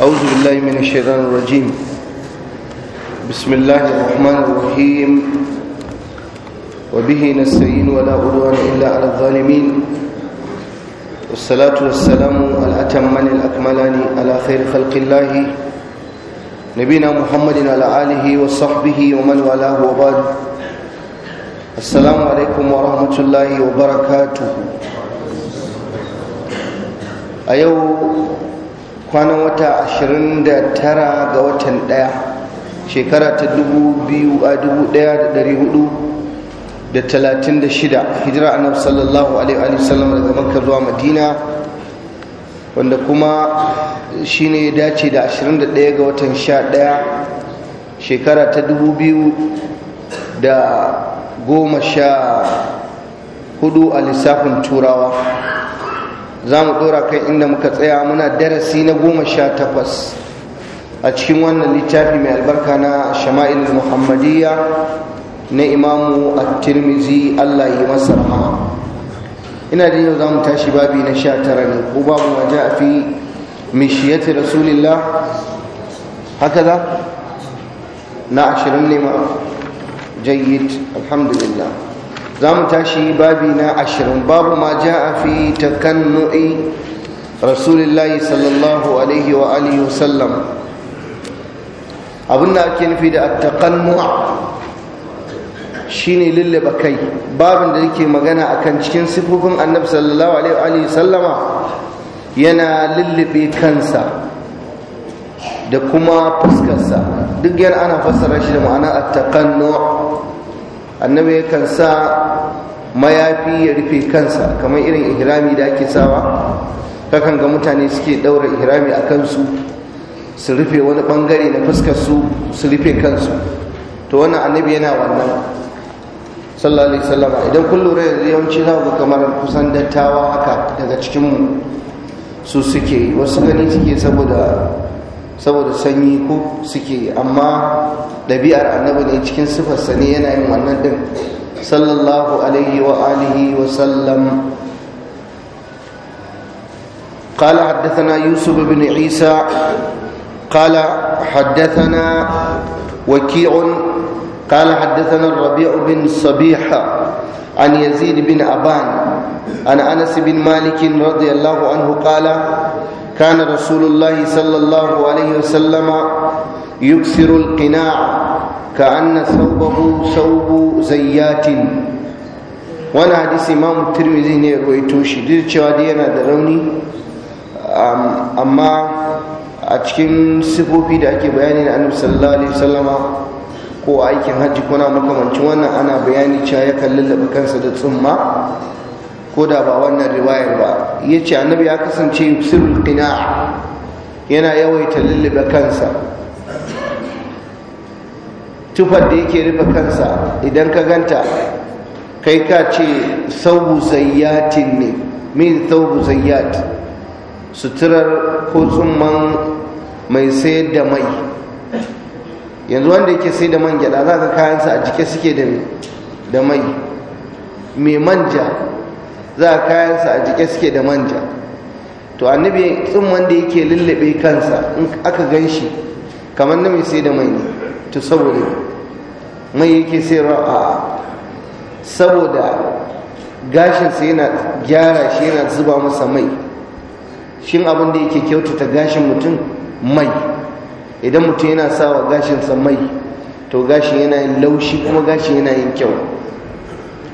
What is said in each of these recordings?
أعوذ بالله من الشيطان الرجيم بسم الله الرحمن الرحيم وبه نستعين ولا عدوان إلا على الظالمين والصلاة والسلام الأتمان الأكملان على خير خلق الله نبينا محمد على آله وصحبه ومن والاه وبعد السلام عليكم ورحمة الله وبركاته أيوه kwanan wata 29 ga watan ɗaya shekara ta 1436 hijira annabi sallallahu alaihi wa sallam daga makka zuwa madina wanda kuma shi ne ya dace da 21 ga watan 11 shekara ta 2014 a lissafin turawa za mu dora kai inda muka tsaya muna darasi na goma sha takwas a cikin wannan littafi mai albarka na shama'il muhammadiyya na imamu at-tirmizi allah yi masa ina da yau za mu tashi babi na sha tara ne ko babu waje a fi mishiyati rasulillah haka za na ashirin ne ma jayyid alhamdulillah za mu tashi babi na ashirin babu ma ja a fi takannu'i rasulullahi sallallahu alaihi wa alihi wasallam abinda ake nufi da takannu'a shine lullaba kai babin da yake magana akan cikin sifofin annabi sallallahu alaihi wa alihi sallama yana lullube kansa da kuma fuskarsa duk yana ana fassara shi da ma'ana at-taqannu annabi yakan sa mayafi ya rufe kansa kamar irin ihrami da ake sawa kakan ga mutane suke ɗaura ihrami a kansu su rufe wani bangare na fuskar su su rufe kansu to wannan annabi yana wannan sallallahu alaihi wasallam idan kun lura yanzu yawanci za ku kamar kusan dattawa haka daga cikin su suke wasu gani suke saboda saboda sanyi ko suke amma ɗabi'ar annabi ne cikin sifarsa ne yana yin wannan ɗin sallallahu alaihi wa alihi wa sallam قال حدثنا يوسف بن عيسى قال حدثنا وكيع قال حدثنا الربيع بن صبيح عن يزيد بن أبان عن أنس بن مالك رضي الله عنه قال كان رسول الله صلى الله عليه وسلم يكسر القناع كأن ثوبه ثوب زيات wani hadisi امام tirmidhi ne ruwaito shi duk cewa yana da rauni amma a cikin sifofi da ake bayani na annabi sallallahu alaihi wasallama ko aikin hajji kuna makamancin wannan ana bayani cewa ya kallon kansa da tsumma ko da ba wannan riwayar ba ya ce annabi ya kasance yusuf qina'a yana yawaita lullube kansa tufar da yake rufe kansa idan ka ganta kai ka ce saubu zayyatin ne min saubu zayyat suturar ko tsumman mai sayar da mai yanzu wanda yake sai da man gyada za ka kayansa a jike suke da mai mai manja za a kayansa a jike suke da manja to annabi tsumman wanda yake lullube kansa in aka gan shi kamar na mai sai da mai ne to saboda mai yake sayarwa a saboda gashinsa yana gyara shi yana zuba masa mai shin abin da yake kyautata gashin mutum mai idan mutum yana sawa gashinsa mai to gashin yana yin laushi kuma gashin yana yin kyau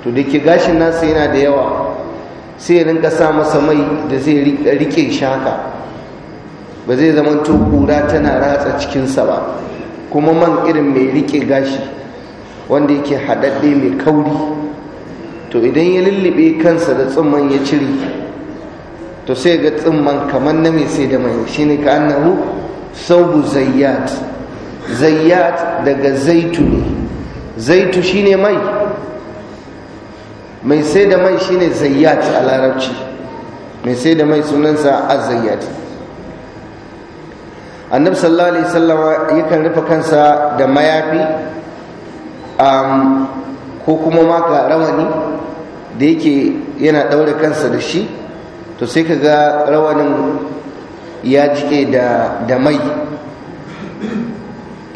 to da ke gashin nasa yana da yawa sai rinka sa masa mai da zai rike shaka ba zai zama kura tana ratsa cikinsa ba kuma man irin mai rike gashi wanda yake haɗaɗɗe mai kauri to idan ya lullube kansa da tsumman ya cire to sai ga tsumman kamar na mai sai da mai ne ka annahu saubu zayyat zayyat daga zaitu ne zaitu shine mai mai sai da mai shine zayyat a larabci mai sai da mai sunansa az-zayyat sallallahu alaihi wasallam yakan rufe kansa da mayafi ko kuma maka rawani da yake yana daure kansa da shi to sai ka ga rawanin ya jike da mai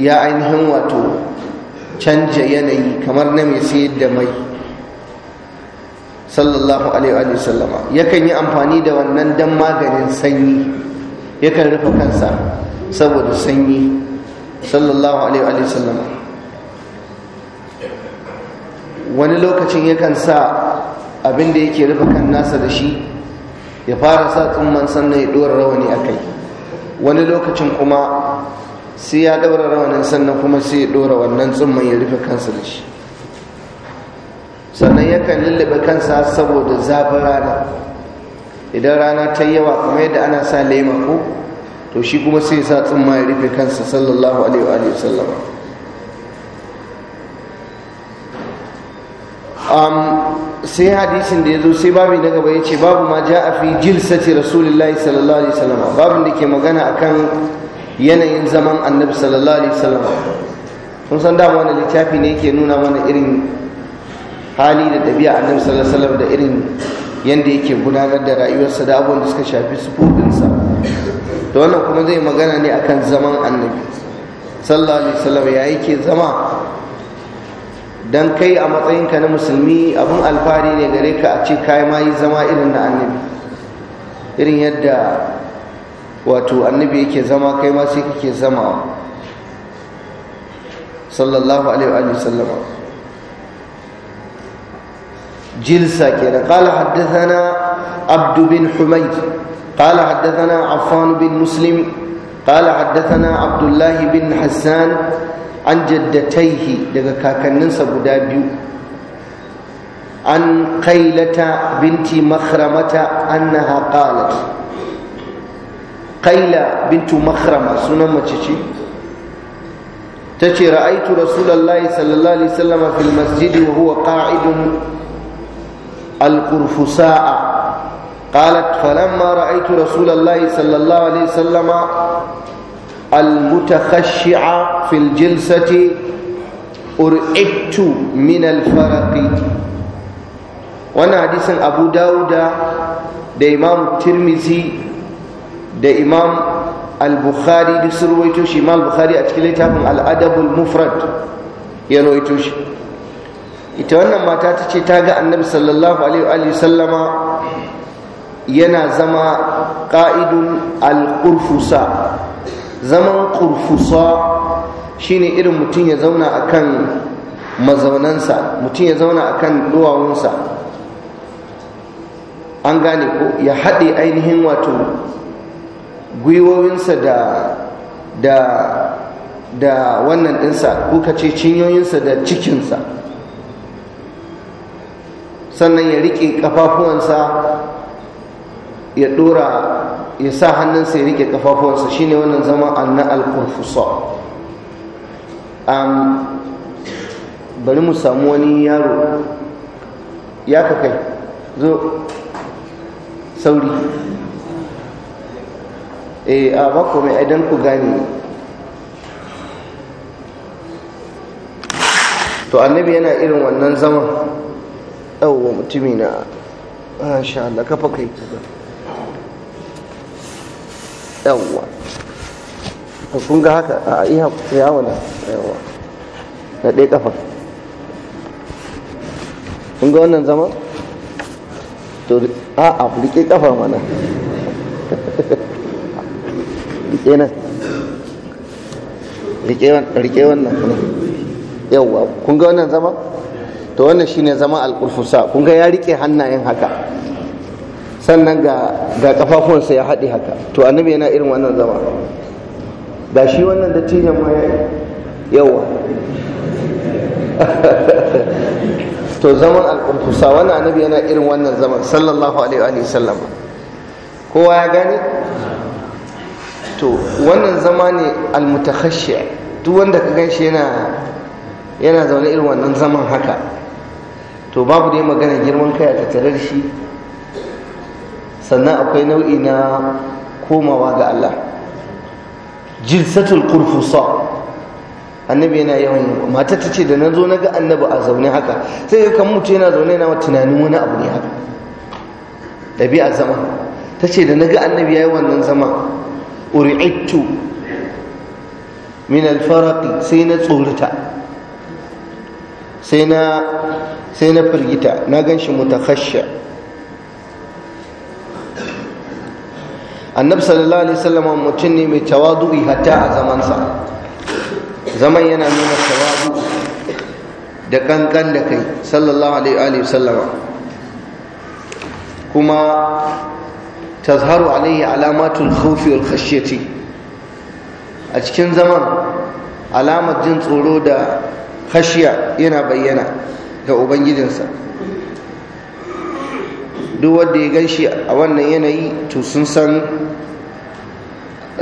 ya ainihin wato canja yanayi kamar na mai sayar da mai sallallahu alaihi wa sallama yakan yi amfani da wannan dan maganin sanyi yakan rufe kansa saboda sanyi sallallahu alaihi wa sallama wani lokacin yakan sa abin da yake rufe kan nasa da shi ya fara sa tsumman sannan ya ɗora rawani a kai wani lokacin kuma sai ya ɗaura rawanin sannan kuma sai ya ɗora wannan tsumman ya rufe kansa da shi sannan yakan lullube kansa saboda zafin rana idan rana ta yawa kuma yadda ana sa lema ko to shi kuma sai sa tsumma ya rufe kansa sallallahu alaihi wa sallama sai hadisin da ya zo sai babu na gaba ya ce babu ma ja a fi jilsati rasulullahi sallallahu alaihi wasallam babin da ke magana akan yanayin zaman annabi sallallahu alaihi wasallam kun san dama wani littafi ne yake nuna mana irin hali da ɗabi'a annabi sallallahu alaihi wasallam da irin yadda yake gudanar da rayuwarsa da abubuwan da suka shafi sufufinsa da wannan kuma zai magana ne akan zaman annabi sallallahu alaihi wasallam ya yake zama dan kai a matsayinka na musulmi abin alfahari ne gare ka a ce kai ma yi zama irin na annabi irin yadda wato annabi yake zama kai ma sai kake zama sallallahu alaihi wa جلسة كده قال حدثنا عبد بن حميد قال حدثنا عفان بن مسلم قال حدثنا عبد الله بن حسان عن جدتيه دقا كاكننسا بدابيو عن قيلة بنت مخرمة أنها قالت قيلة بنت مخرمة سنة تشي تشي رأيت رسول الله صلى الله عليه وسلم في المسجد وهو قاعد القرفساء قالت فلما رأيت رسول الله صلى الله عليه وسلم المتخشع في الجلسة أرئت من الفرق وانا حديث أبو داود دا إمام الترمذي دا إمام البخاري دي سرويتوش إمام البخاري أتكليتها من الأدب المفرد يرويتوش ita wannan mata ta ce ta ga annabi sallallahu alaihi sallama yana zama ƙa'idun al-ƙurfusa zaman ƙurfusa shine irin mutum ya zauna akan mazaunansa mutum ya zauna akan duwawunsa an gane ko ya haɗe ainihin wato gwiwowinsa da da da wannan ɗinsa ko ka ce cinyoyinsa da cikinsa sannan ya riƙe ƙafafuwansa ya ɗora ya sa hannunsa ya riƙe ƙafafuwansa shine wannan zama anna al-kurfusa bari mu samu wani yaro ya ka kai zo sauri eh a bako mai idan ku gane to annabi yana irin wannan zaman yawon mutumi na sha Allah kafa kai kuka yawwa kun ga haka a iya yawon yawwa na ɗaya kafa kun ga wannan zama to a a rike kafa mana rike nan rike wannan yawwa kun ga wannan zama to wannan shine zama alƙulfusa kun ga ya rike hannayen haka sannan ga ga kafafuwansa ya haɗe haka to annabi yana irin wannan zama ga shi wannan dattijan ma ya yawa to zaman alkurkusa wannan annabi yana irin wannan zama, sallallahu alaihi wa sallam kowa ya gane to wannan zama ne almutakhashshi duk wanda ka ganshi yana yana zaune irin wannan zaman haka to babu dai magana girman kai a tattarar shi sannan akwai nau'i na komawa ga Allah jilsatul kurfusa annabi yana yawan yin mata ta ce da na zo na ga annabi a zaune haka sai kan mutu yana zaune yana tunanin wani abu ne haka ɗabi'a zama ta ce da na ga annabi ya yi wannan zama uri'itu min alfaraki sai na tsorata sai na firgita na gan shi mutakhashsha annab sallallahu alaihi wasallam mutum ne mai tawadu'i hatta a zamansa zaman yana nuna tawadu da kankan da kai sallallahu alaihi wasallam kuma tazharu alaihi alamatun khawfi wal ce. a cikin zaman alamar jin tsoro da khashiya yana bayyana ga ubangijinsa duk wanda ya gan shi a wannan yanayi to sun san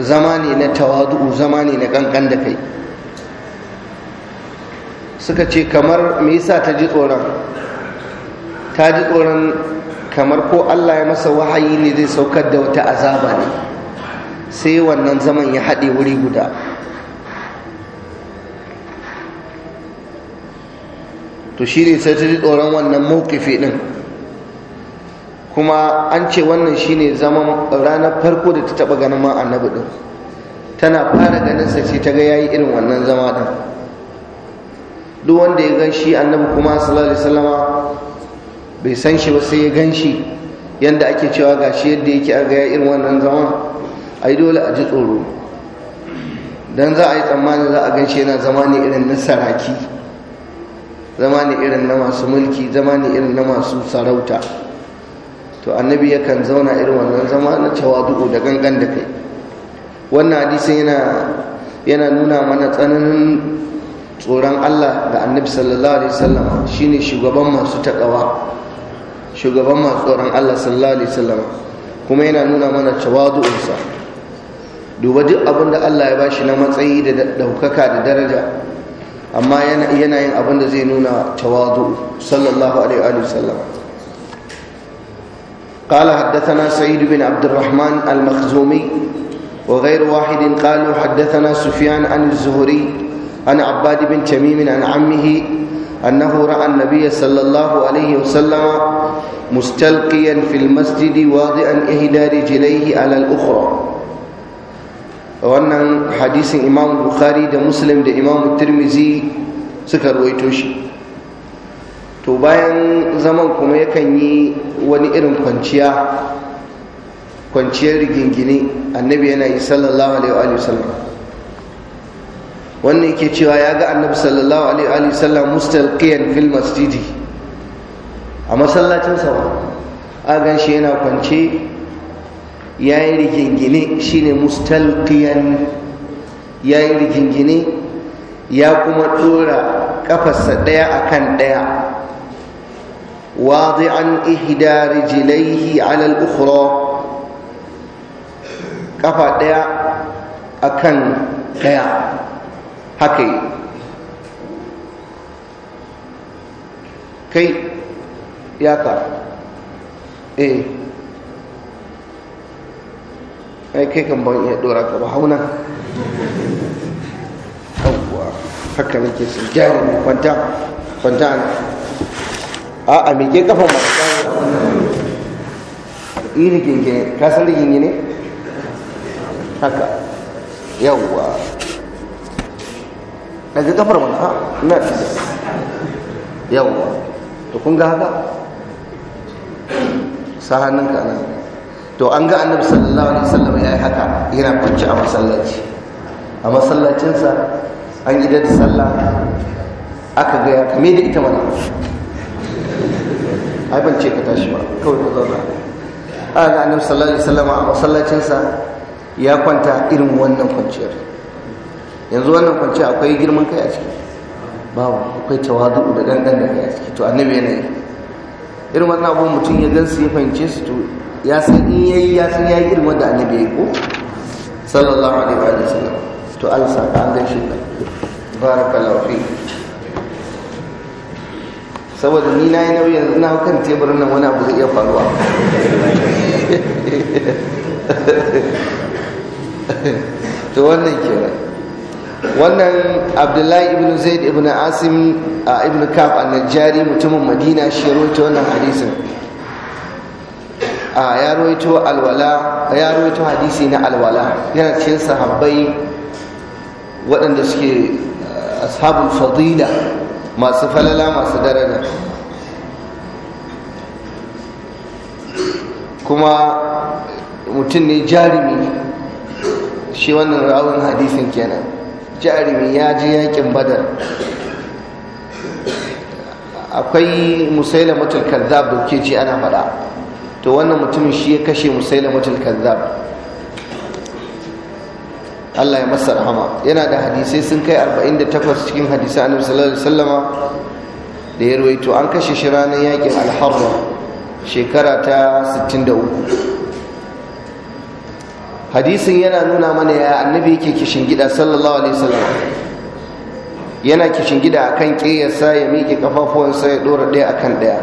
zama ne na tawadu'u zama ne na kankan da kai suka ce kamar me yasa ta ji tsoron ta ji tsoron kamar ko Allah ya masa wahayi ne zai saukar da wata azaba ne sai wannan zaman ya haɗe wuri guda to shine sai ta ji tsoron wannan maukifi din kuma an ce wannan shine zaman ranar farko da ta taba ganin ma annabi din tana fara ganin sa ta ga yayi irin wannan zama din duk wanda ya gan shi annabi kuma sallallahu alaihi bai san shi ba sai ya gan shi yanda ake cewa gashi yadda yake a ga irin wannan zama? ai dole a ji tsoro dan za a yi tsammani za a gan shi yana zama ne irin na zama ne irin na masu mulki zama ne irin na masu sarauta to annabi yakan zauna irin wannan zama na tawadu'u da gangan da kai wannan hadisin yana yana nuna mana tsananin tsoron Allah da annabi sallallahu alaihi wasallam shine shugaban masu takawa shugaban masu tsoron Allah sallallahu alaihi wasallam kuma yana nuna mana tawadu'unsa duba duk abin da Allah ya bashi na matsayi da daukaka da daraja amma yana yin abin da zai nuna tawadu sallallahu alaihi wa sallam قال حدثنا سعيد بن عبد الرحمن المخزومي وغير واحد قالوا حدثنا سفيان عن الزهري عن عباد بن تميم عن عمه أنه رأى النبي صلى الله عليه وسلم مستلقيا في المسجد واضعا إحدى رجليه على الأخرى wannan hadisin imam bukhari da muslim da imam tirmizi suka ruwaito shi to bayan zaman kuma yakan yi wani irin kwanciya kwanciyar rigingine annabi yana yi sallallahu alaihi wa sallam. wannan yake cewa ya ga annabi sallallahu alaihi wa sallam mustalqiyan fil masjidi a masallacin sa a gan shi yana kwance ya yi rigingine shine mustalqiyan ya yi rigingine ya kuma ɗora ƙafarsa ɗaya a kan ɗaya wadi'an ihda rijilaihi alal ukhra ƙafa ɗaya a kan ɗaya haka yi kai ya ka eh ai kai kan ban iya dora ka ba hauna yawwa haka nake sun jari mai kwanta kwanta ne a a mike kafan ba ta yi ne ka san ne haka yawwa ga kafar mana ha na yawwa to kun ga haka sa ka nan to an ga annabi sallallahu alaihi wasallam ya yi haka yana kwanci a masallaci a masallacinsa an yi da sallah aka gaya kame da ita mana ai ban ce ka tashi ba kawai ka zauna a ga annabi sallallahu alaihi wasallam a masallacinsa ya kwanta irin wannan kwanciyar yanzu wannan kwanciyar akwai girman kai a ciki babu akwai tawadu da dangan da kai a ciki to annabi yana yi irin wannan abu mutum ya gansu ya fahimce su to ya san in yi ya san ya yi irin wanda annabi ya yi ko sallallahu alaihi wa sallam to Allah sa ka an gaishe ka barakallahu fi saboda ni na yi nauyi yanzu na kan teburin nan wani abu zai iya faruwa to wannan kenan wannan abdullahi ibn zaid ibn asim a ibn kaf an najari mutumin madina shi ya wannan hadisin ya rawaito alwala hadisi na alwala yana cikin sahabbai waɗanda suke uh, ashabul fadila masu falala masu daraja kuma mutum ne jarumi shi wannan rawun hadisin kenan jarumi ya ji yakin badar akwai musaila mutul kazzab da ke ce ana faɗa to wannan mutumin shi ya kashe mutum kazzab Allah ya masa rahama yana da hadisai sun kai 48 cikin hadisan annabi sallallahu alaihi wasallama da ya ruwaito an kashe shi ranar yakin al shekara ta 63 hadisin yana nuna mana ya annabi yake kishin gida sallallahu alaihi wasallam yana kishin gida akan kiyarsa ya miƙe kafafuwansa ya dora ɗaya akan ɗaya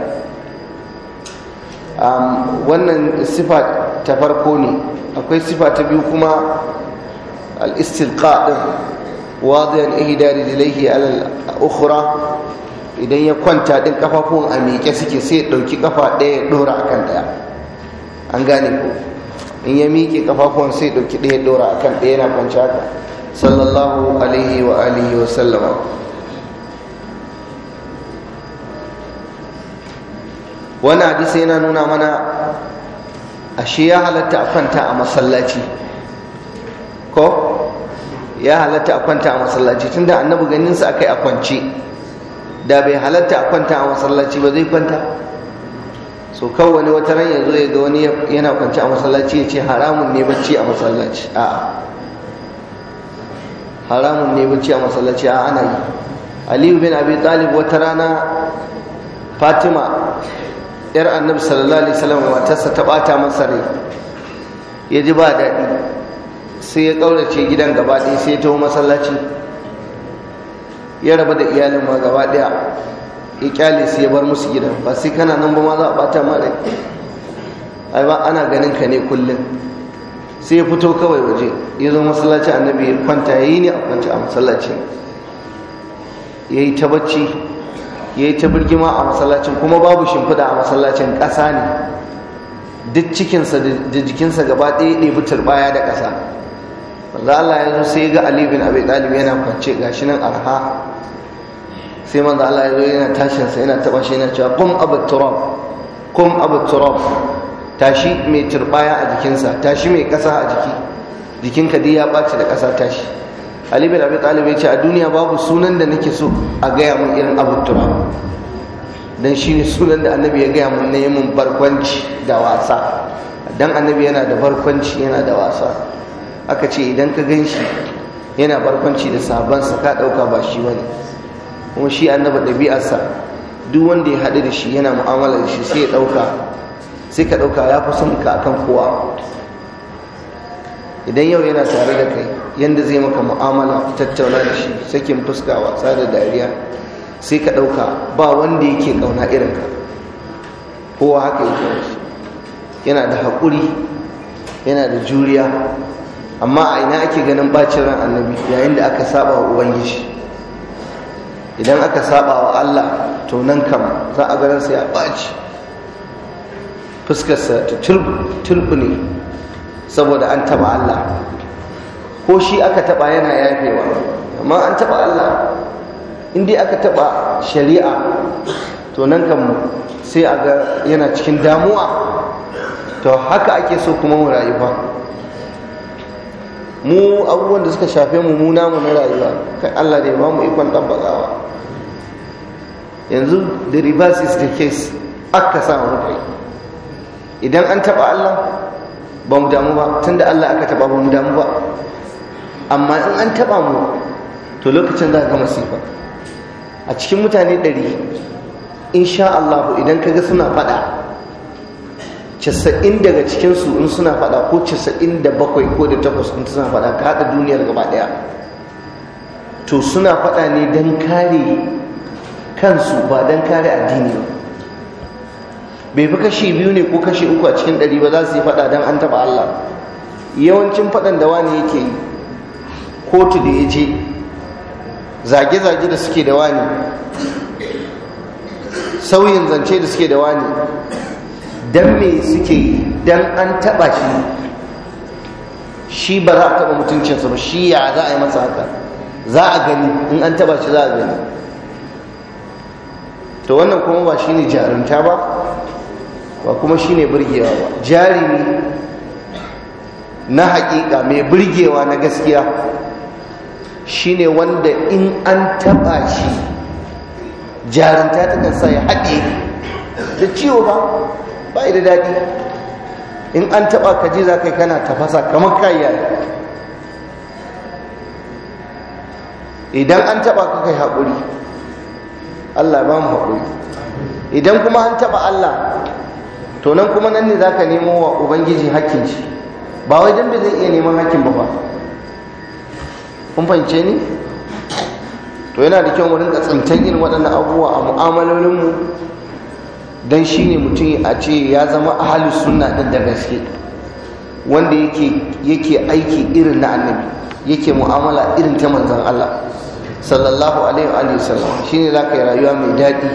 wannan sifa ta farko ne akwai sifa ta biyu kuma al-istilqa din wadiyan ihdari dilaihi ala al-ukhra idan ya kwanta din kafafun a miƙe suke sai dauki kafa ɗaya dora akan ɗaya an gane ko in ya miƙe kafafun sai dauki ɗaya dora akan ɗaya yana kwanci haka sallallahu alaihi wa alihi wa sallama wannan hadisi yana nuna mana ashe ya halatta a kwanta a masallaci ko ya halatta a kwanta a masallaci tunda annabi sa akai a kwance da bai halatta a kwanta a masallaci ba zai kwanta so kawai wata ran ya zo ya ga wani yana kwance a masallaci ya ce haramun ne bacci a masallaci a haramun ne bacci a masallaci a ana yi aliyu bin abi talib wata rana fatima yar annabi sallallahu alaihi wasallam matarsa ta bata masa rai ya ji ba daɗi sai ya ƙaurace gidan gaba ɗaya sai ya taho masallaci ya raba da iyalin ma gaba ɗaya ya kyale sai ya bar musu gidan ba sai kana nan ba ma za a bata ma rai ai ba ana ganin ka ne kullum sai ya fito kawai waje ya zo masallaci annabi ya kwanta ya yi ne a kwanta a masallaci ya yi ta bacci ya yi ta birgima a masallacin kuma babu shimfiɗa a masallacin ƙasa ne duk cikinsa da jikinsa gaba ɗaya fitar baya da ƙasa manzo Allah ya zo sai ga Ali bin Abi Talib yana kwance gashi nan arha sai manzo Allah ya zo yana tashin sa yana taba shi yana cewa qum abu turab qum abu turab tashi mai turbaya a jikinsa tashi mai ƙasa a jiki jikinka dai ya ɓaci da ƙasa tashi ali bin abi talib ya ce a duniya babu sunan da nake so a gaya mun irin abu tuba shi shine sunan da annabi ya gaya mun na barkwanci da wasa dan annabi yana da barkwanci yana da wasa aka ce idan ka gan shi yana barkwanci da sabonsa ka ɗauka ba shi bane kuma shi annabi ɗabi'arsa duk wanda ya haɗu da shi yana mu'amala da shi sai ya ɗauka sai ka ɗauka ya fi son ka akan kowa idan yau yana tare da kai yadda zai maka mu'amala tattauna da shi sakin fuska wasa da dariya sai ka ɗauka ba wanda yake ƙauna irin ka kowa haka yake shi yana da haƙuri yana da juriya amma a ina ake ganin bacin ran annabi yayin da aka saba wa ubangiji idan aka saba wa Allah to nan kam za a ganin sai ya ɓaci fuskarsa ta ne saboda an taba Allah ko shi aka taba yana yafewa amma an taba Allah in aka taba shari'a to nan kan sai a ga yana cikin damuwa to haka ake so kuma mu rayuwa mu abubuwan da suka shafe mu mu namu na rayuwa kai Allah da ya ba mu ikon tabbatawa yanzu the reverse is the case aka sa mu kai idan an taba Allah ba mu damu ba tunda Allah aka taba ba mu damu ba amma in an taɓa mu to lokacin za ga masifa a cikin mutane ɗari insha Allah idan ga suna faɗa casa'in daga cikinsu in suna faɗa ko casa'in da bakwai ko da takwas in suna faɗa ka haɗa duniyar gaba ɗaya to suna faɗa ne don kare kansu ba don kare addini ba bai fi kashi biyu ne ko kashi uku a cikin ɗari ba za su yi faɗa don an taɓa Allah yawancin faɗan da wani yake yi kotu da ya je zage-zage da suke da wani sauyin zance da suke da wani don me suke yi don an taba shi shi ba za a taba mutuncinsa ba shi ya za a yi masa haka za a gani in an taba shi za a gani to wannan kuma ba shi ne jarumta ba ba kuma shi ne birgewa ba jarumi na haƙiƙa mai birgewa na gaskiya shine wanda in an taba shi jaranta ta kan sa ya haɗe da ciwo ba ba da daɗi in an taba ka ji za kai kana tafasa kamar kayya idan an taba ka kai haƙuri Allah ba mu haƙuri idan kuma an taba Allah to nan kuma nan ne za ka nemo wa ubangiji hakkin shi ba wai dan bai zai iya neman hakkin ba ba kun fahimce ni to yana da kyau wurin rinka tsintan yin waɗannan abubuwa a mu'amalolinmu don shi ne mutum a ce ya zama ahalin sunna ɗin da gaske wanda yake aiki irin na annabi yake mu'amala irin ta manzan Allah sallallahu alaihi wa sallam ne za ka yi rayuwa mai daɗi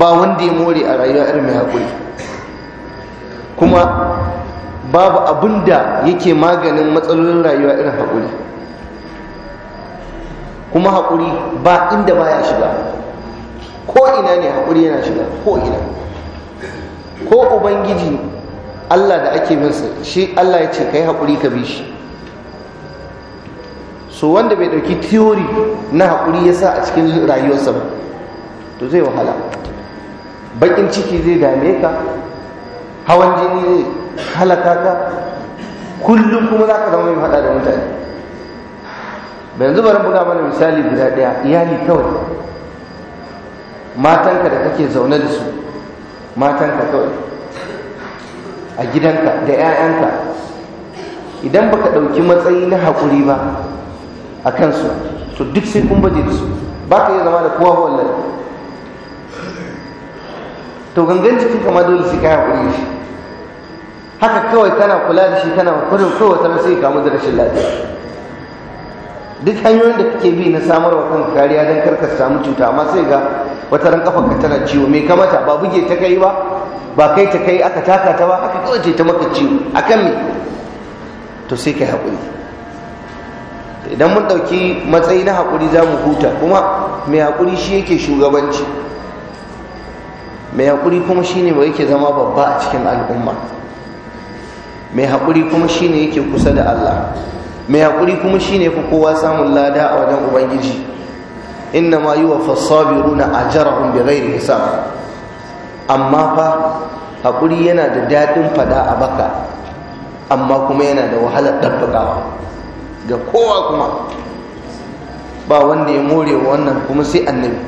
ba wanda ya more a rayuwa irin mai haƙuri kuma babu abin da yake maganin matsalolin rayuwa irin haƙuri kuma haƙuri ba inda ba ya shiga ko ina ne haƙuri yana shiga ko ina ko ubangiji Allah da ake sa shi Allah ya ce kai haƙuri ka bi shi so wanda bai ɗauki theory na haƙuri ya sa a cikin rayuwarsa ba to zai wahala baƙin ciki zai dame ka hawan jini zai halaka ka kullum kuma za ka zama mai faɗa da mutane yanzu bari buga mana misali guda ɗaya iyali kawai matanka da kake zaune da su matanka kawai a gidanka da 'ya'yanka idan baka ɗauki matsayi na haƙuri ba a kansu to duk sai kun baje da su ba ka yi zama da kowa wallan to gangan cikin kama dole sai ka haƙuri shi haka kawai kana kula da shi kana kudin kowa tana sai kamu da rashin lafiya duk hanyoyin da kake bi na samar wa kanka kariya don karka samu cuta amma sai ga wata ran kafa ka tana ciwo me ka mata ba buge ta kai ba ba kai ta kai aka taka ta ba aka kawace ta maka ciwo akan me to sai kai haƙuri idan mun ɗauki matsayi na haƙuri za mu huta kuma mai haƙuri shi yake shugabanci mai haƙuri kuma shi ne yake zama babba a cikin al'umma mai haƙuri kuma shi ne yake kusa da allah mai haƙuri kuma shi fi kowa samun lada a wajen ubangiji inna ma yi wa a ajarahum da ghairi hisab amma fa haƙuri yana da daɗin fada a baka amma kuma yana da wahalar ɗabbakawa ga kowa kuma ba wanda ya more wannan kuma sai annabi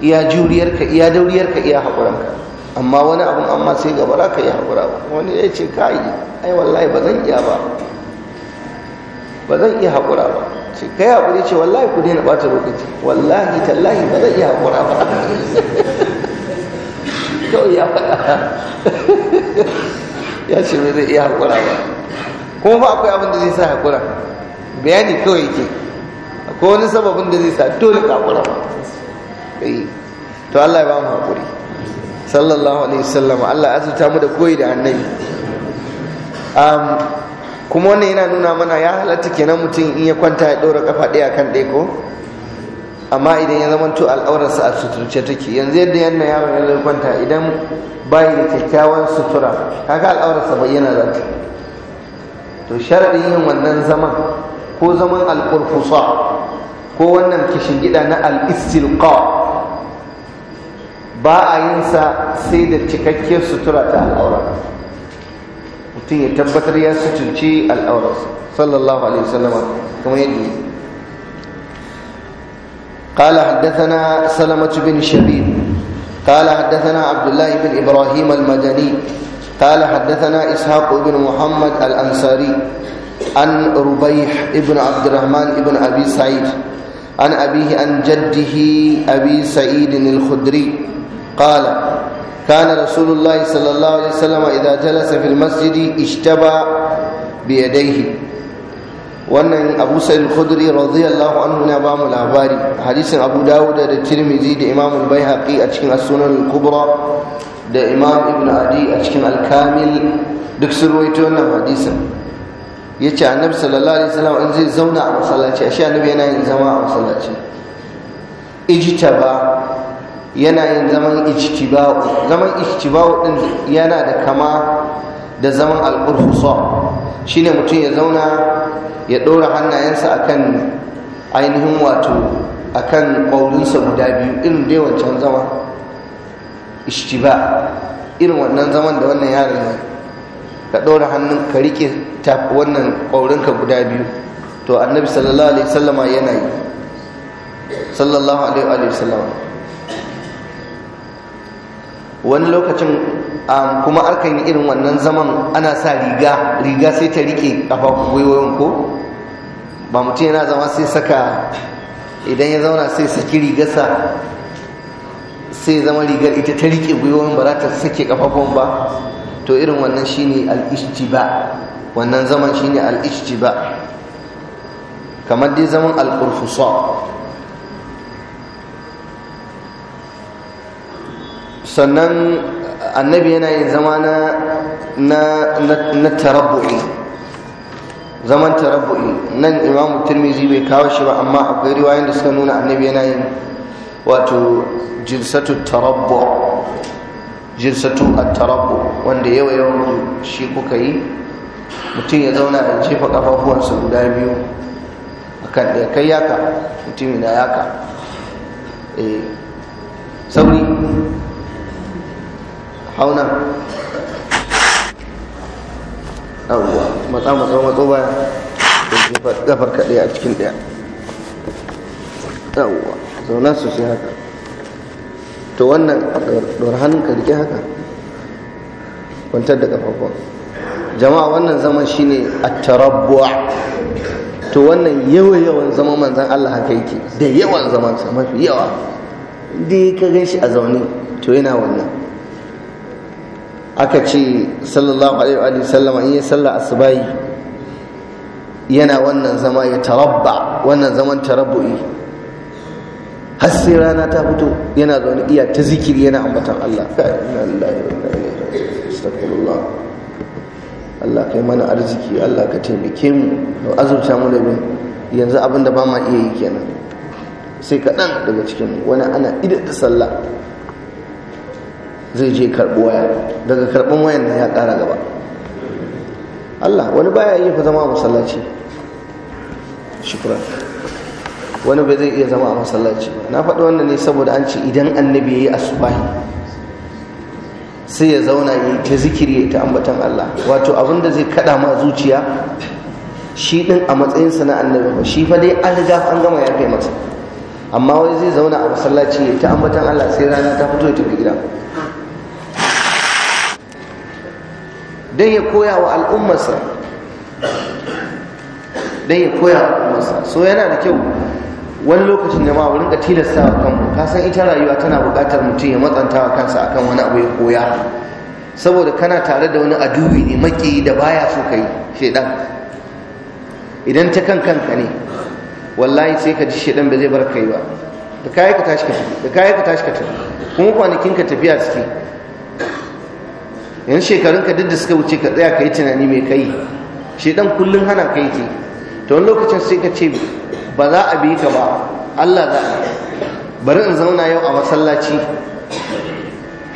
iya juriyarka iya dauriyarka iya haƙuranka amma wani abin amma sai gaba za ka yi haƙura ba wani ya ce kayi ai wallahi ba zan iya ba ba zan iya haƙura ba ce ka yi haƙuri ce wallahi ku daina ɓata lokaci wallahi tallahi ba zan iya haƙura ba kawai ya faɗa ya ce ba zai iya haƙura ba kuma ba akwai abin da zai sa haƙura bayani kawai ke akwai wani sababin da zai sa dole ka haƙura ba to Allah ya ba mu haƙuri sallallahu alaihi wasallam Allah azurta mu da koyi da annabi kuma wannan yana nuna mana ya halatta kenan mutum in ya kwanta ya ɗora kafa ɗaya kan ɗaya ko amma idan ya zama to al'aurarsa a suturce take yanzu yadda yana yaron ya kwanta idan bayi da kyakkyawan sutura kaga al'aurarsa bayyana za ta to sharadin yin wannan zaman ko zaman alƙurfusa ko wannan kishin gida na al-istilqa ba a yin sa sai da cikakkiyar sutura ta al'aura mutum ya tabbatar ya sutunci al'aura sallallahu alaihi wasallama kuma yadda قال حدثنا سلمة بن شبيب قال حدثنا عبد الله بن إبراهيم المدني قال حدثنا إسحاق بن محمد الأنصاري عن ربيح بن عبد الرحمن بن أبي سعيد عن أبيه عن جده أبي سعيد الخدري قال كان رسول الله صلى الله عليه وسلم إذا جلس في المسجد اشتبى بيديه wannan abu sa'id khudri radiyallahu anhu na ba mu labari hadisin abu dawud da tirmizi da imam al a cikin al-kubra da imam ibn adi a cikin al duk sun rawaito wannan hadisin yace annabi sallallahu alaihi wasallam in zai zauna a masallaci sha annabi yana yin zama a masallaci ijtaba yana yin zaman ijtiba'u zaman ijtiba'u din yana da kama da zaman al-urfusa shine mutum ya zauna ya dora hannayensa akan ainihin wato akan ƙaurinsa guda biyu irin dai wancan zama ijtiba irin wannan zaman da wannan yaron ya ka dora hannun ka riƙe wannan ƙaurinka guda biyu to annabi sallallahu alaihi sallama yana yi sallallahu alaihi sallama wani lokacin um, kuma akan yi irin wannan zaman ana sa riga riga sai ta rike kafa gwiwoyin ko ba mutum yana zama sai saka idan ya zauna sai saki rigarsa sai zama rigar ita ta rike gwiwoyin ba za ta sake kafafun ba to irin wannan shine al'ishci ba, wannan zaman shine al'ishci ba. kamar dai zaman al'urfusa sannan annabi yana yin zama na tarabbu'i zaman tarabbu'i nan imamu turmizi bai kawo shi ba amma akwai riwayoyin da suka nuna annabi yana yin wato jilsatu jinsatu a tarabbu wanda yawa yawan shi kuka yi mutum ya zauna da jefa kafafuwansa guda biyu a kan ɗaya kai yaka mutum yana yaka eh. sauri hauna abuwa matsa matsa matsa baya da jefa gafar kaɗe a cikin ɗaya yawwa zauna sai haka to wannan ɗora hannun ka rike haka kwantar da ƙafafuwa jama'a wannan zaman shine a tarabuwa to wannan yawan yawan zaman manzan Allah haka yake da yawan zaman sa mafi yawa da ka gan shi a zaune to yana wannan aka ce sallallahu alaihi wa sallama in ya sallah asibayi. yana wannan zama ya tarabba wannan zaman tarabbu'i har sai rana ta fito yana zaune iya ta zikiri yana ambatan Allah Allah kai mana arziki Allah ka taimake mu da azurta mu da yanzu abin da ba ma iya yi kenan sai kaɗan daga cikin wani ana idan da sallah zai je karɓi waya daga karɓin wayan nan ya ƙara gaba Allah wani baya iya fa zama a masallaci shukran wani bai zai iya zama a masallaci na faɗi wannan ne saboda an ce idan annabi ya yi asubahi sai ya zauna ya ta zikiri ya ta ambatan Allah wato abin da zai kaɗa ma zuciya shi ɗin a matsayinsa na annabi ba shi fa dai an riga an gama ya kai masa amma wai zai zauna a masallaci ya ta ambatan Allah sai rana ta fito ya tafi gida don ya koya wa al'ummarsa don ya koya wa al'ummarsa so yana da kyau wani lokacin da ma wurin ka tilasta wa kanmu ka san ita rayuwa tana buƙatar mutum ya matsanta wa kansa akan wani abu ya koya saboda kana tare da wani adubi ne maki da baya so kai shedan idan ta kan kanka ne wallahi sai ka ji shedan ba zai bar kai ba da kayi ka tashi ka tafi da kayi ka tashi ka tafi kuma kwanakin ka tafiya suke yan shekarun ka duk da suka wuce ka tsaya ka yi tunani mai kai shi dan kullun hana kai ce to wani lokacin sai ka ce ba za a bi ka ba Allah za a bari in zauna yau a masallaci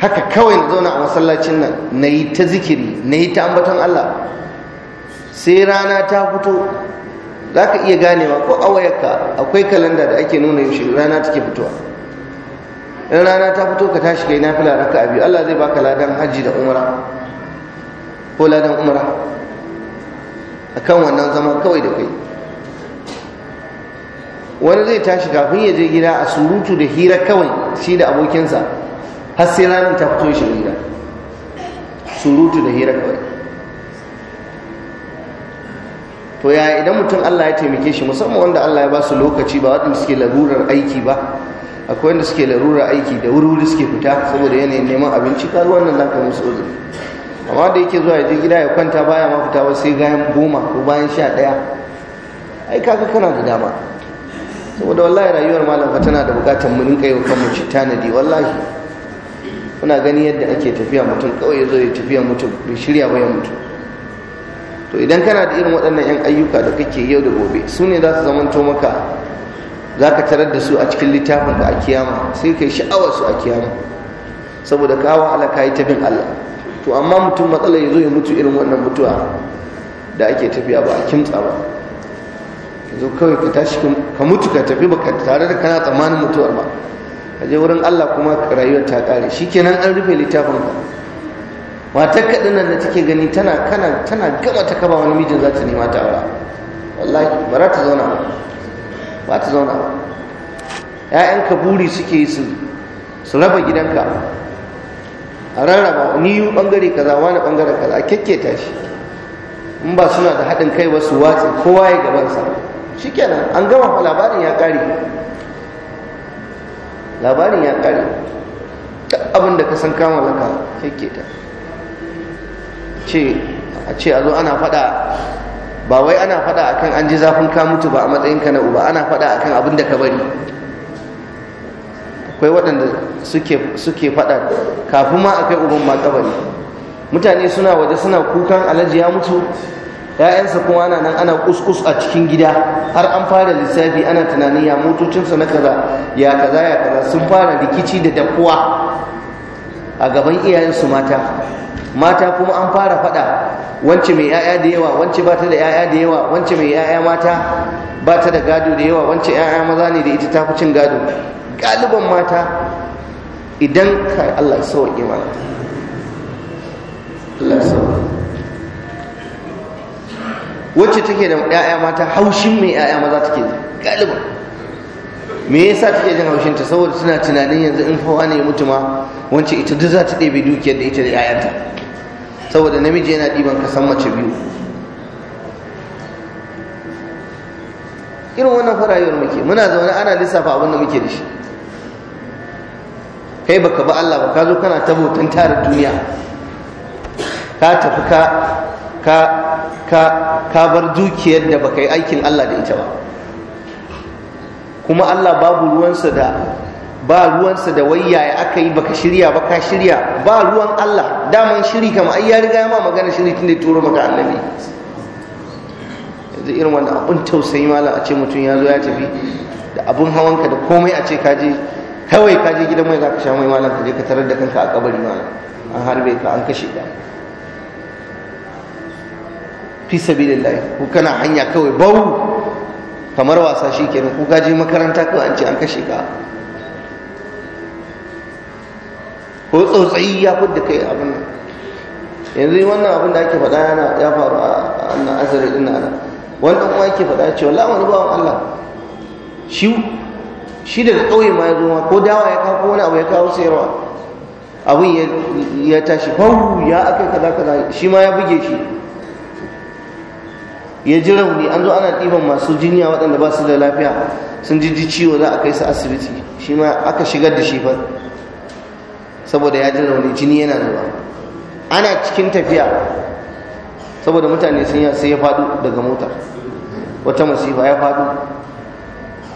haka kawai na zauna a masallacin nan na yi ta zikiri na yi ta ambaton Allah sai rana ta fito za ka iya ganewa ko a wayarka akwai kalanda da ake nuna yaushe rana take fitowa in rana ta fito ka tashi kai nafila raka biyu Allah zai baka ladan haji da umra ko ladan umra akan wannan zama kawai da kai wani zai tashi kafin ya je gida a surutu da hira kawai shi da abokinsa har sai ranar ta fito shi gida surutu da hira kawai to ya idan mutum Allah ya taimake shi musamman wanda Allah ya ba su lokaci ba waɗanda suke larurar aiki ba akwai wanda suke larura aiki da wuri-wuri suke fita saboda yanayin neman abinci ka wannan zaka musu uzuri amma da yake zuwa yaje gida ya kwanta baya ma wasu sai gayan goma ko bayan sha ɗaya ai kaga kana da dama saboda wallahi rayuwar malam fa tana da bukatar mu rinka yau kan mu ci tanadi wallahi muna gani yadda ake tafiya mutum kawai ya zo ya tafiya mutum bai shirya ba ya mutu to idan kana da irin waɗannan 'yan ayyuka da kake yau da gobe su ne za su zamanto maka za ka tarar da su a cikin littafin ka a kiyama sai yi sha'awar su a kiyama saboda kawo alaka yi tafin Allah to amma mutum matsala ya zo ya mutu irin wannan mutuwa da ake tafiya ba a kimtsa ba zo kawai ka tashi ka mutu ka tafi ba tare da kana tsammanin mutuwar ba ka je wurin Allah kuma rayuwar ta kare kenan an rufe littafin ka mata kaɗin da take gani tana kana tana gama ta kaba wani mijin za ta nema ta aura wallahi ba za ta zauna ba ba ta zauna ba ‘ya'yan buri suke yi su raba gidanka a rarraba ni yi ɓangare kaza wani ɓangaren kaza kyakketa shi in ba suna da haɗin kai ba su watsi kowa ya gabansa shi kenan an gama fa labarin ya ƙare labarin ya ƙare duk abin da ka san kama laka kyakketa ce a ce a zo ana faɗa ba wai ana faɗa akan an ji zafin ka mutu ba a matsayinka na uba ana faɗa akan abin da ka bari akwai waɗanda suke faɗa kafin ma akai uban ma kabari mutane suna waje suna kukan alhaji ya mutu ‘ya'yansa kuma ana nan ana kuskus a cikin gida har an fara lissafi ana tunanin ya na kaza ya kaza ya kaza sun fara rikici da dakuwa a gaban iyayensu mata mata kuma an fara faɗa wance mai 'ya'ya da yawa wance ba ta da 'ya'ya da yawa wance mai 'ya'ya mata ba ta da gado da yawa wance 'ya'ya maza ne da ita ta fi cin gado galiban mata idan ka, Allah ya sauke mana Allah ya sauke wacce take da 'ya'ya mata haushin mai 'ya'ya maza take galiban me yasa take jin haushinta saboda tana tunanin yanzu in fa ne mutuma mutu wance ita duk za ta ɗebe dukiyar da ita da 'ya'yanta saboda namiji yana ɗiban kasan mace biyu irin wannan farayuwar muke muna zaune ana lissafa abin da muke da shi kai baka ba Allah ba ka zo kana ta hoton tara duniya ka tafi ka ka ka ka bar dukiyar da baka yi aikin Allah da ita ba kuma Allah babu ruwansa da ba ruwansa da wayya ya aka yi baka shirya ba ka shirya ba ruwan Allah daman shiri kama ai ya riga ma magana shiri tun da turo maka annabi yanzu irin wannan abun tausayi malam a ce mutum ya zo ya tafi da abun hawanka da komai a ce kaje kawai kaje gidan mai zaka sha mai malam ka je ka tarar da kanka a kabari malam an harbe ka an kashe ka fi sabilillah ko kana hanya kawai bau kamar wasa shikenan ko kaje makaranta kawai an ce an kashe ka ko tsotsayi ya fudda kai abin nan yanzu wannan abin da ake faɗa yana ya faru a annan azare din nan wannan kuma yake faɗa cewa la wani Allah shi shi daga ƙauye ma ya zo ma ko dawa ya kawo wani abu ya kawo sayarwa abin ya tashi fahu ya akai kaza kaza shi ma ya buge shi ya ji rauni an zo ana ɗiban masu jiniya waɗanda ba su da lafiya sun ji ciwo za a kai su asibiti shi ma aka shigar da shi fa saboda ya ji rauni jini yana zuba ana cikin tafiya saboda mutane sun yi sai ya faɗo daga motar wata masifa ya faɗo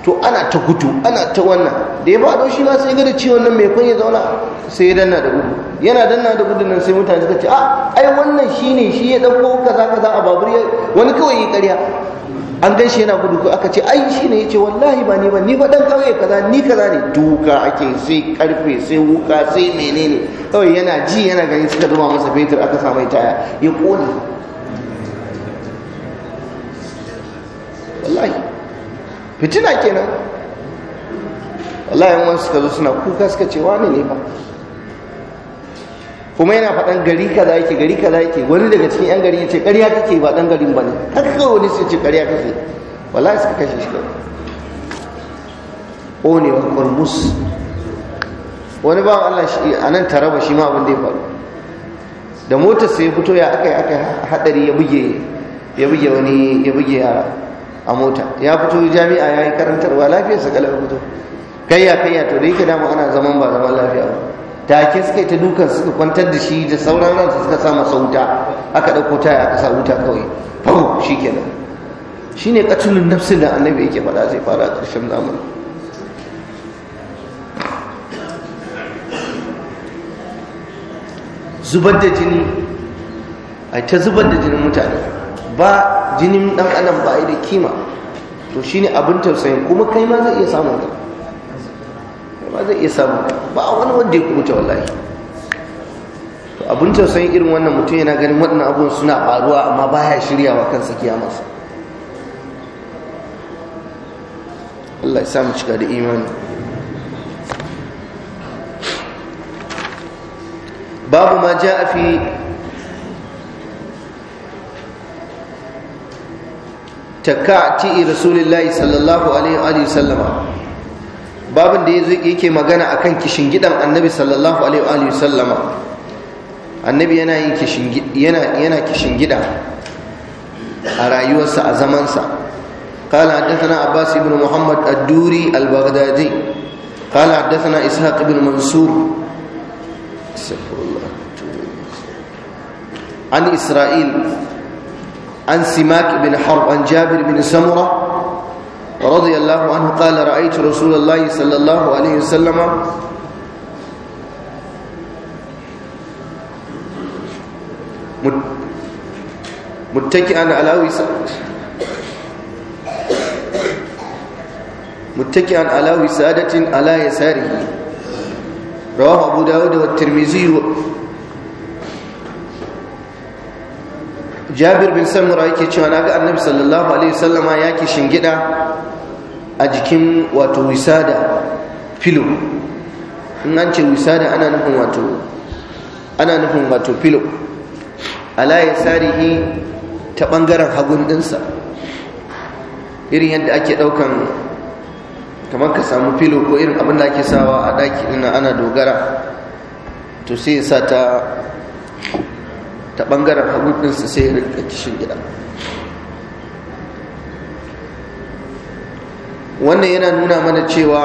to ana ta gudu ana ta wannan da ya fado shi ma sai ga da ciwon nan mai ya zauna sai ya danna da gudu yana danna da gudu nan sai mutane suka ce a ah, ai wannan shine shi ya dauko kaza kaza a babur wani kawai yi ƙarya an gan shi yana gudu ko aka ce ai shi ne yace wallahi ba ni ba ni faɗan ƙauye kaza ni kaza ne duka ake sai karfe sai wuka sai menene kawai yana ji yana gani suka duba masa fetur aka samu mai taya ya ƙone wallahi fitina kenan wallahi yan suka zo suna kuka suka ce wani ne ba kuma yana faɗan gari kaza yake gari kaza yake wani daga cikin yan gari yace ƙarya kake ba ɗan garin bane haka kawai wani sai ce ƙarya kake wallahi suka kashe shi kawai ƙonewa kurmus wani bawan Allah shi a nan taraba shi ma abin da ya faru da motar sai ya fito ya aka yi aka hadari ya buge ya buge wani ya buge a mota ya fito jami'a ya yi karantarwa lafiyarsa kalar fito kayya kayya to da yake damu ana zaman ba zaman lafiya ba take suka yi ta dukan suka kwantar da shi da sauran ransa suka sa masa wuta aka ɗauko taya aka sa wuta kawai fahu shi nan. shi ne katulun nafsin da annabi yake faɗa zai fara a ƙarshen zamani zubar da jini a ta zubar da jinin mutane ba jinin ɗan adam ba da kima to shine abin tausayin kuma kai ma zai iya samun gaba ba zai iya samu ba wani wanda ya kubuta wallahi to abin tausayin irin wannan mutum yana ganin waɗannan abubuwan suna faruwa amma ba shirya wa kansa kiyamarsa Allah ya samu cika da imani babu ma ja a fi takka ti'i rasulullahi sallallahu alaihi wa sallama babin da yake magana kan kishin gidan annabi sallallahu alaihi wa sallama annabi yana yin kishin yana yana kishin gida a rayuwarsa a zamansa قال حدثنا عباس بن محمد الدوري البغدادي قال حدثنا إسحاق بن منصور عن إسرائيل عن سماك بن حرب An Jabir بن سمرة رضي الله عنه قال رأيت رسول الله صلى الله عليه وسلم متكئا على وسادة متكئا على وسادة على يساره رواه أبو داود والترمذي jabir bin samura yake cewa na ga annabi sallallahu alaihi wasallama ya ki shingida a jikin wato wisada filo in an ce wisada ana nufin wato ana nufin wato filo ala ya sarihi ta bangaren hagun dinsa irin yadda ake daukan kamar ka samu filo ko irin abin da ake sawa a daki ina ana dogara to sai ya sa ta ta bangaren hagun dinsa sai ya rikaci kishin gida wannan yana nuna mana cewa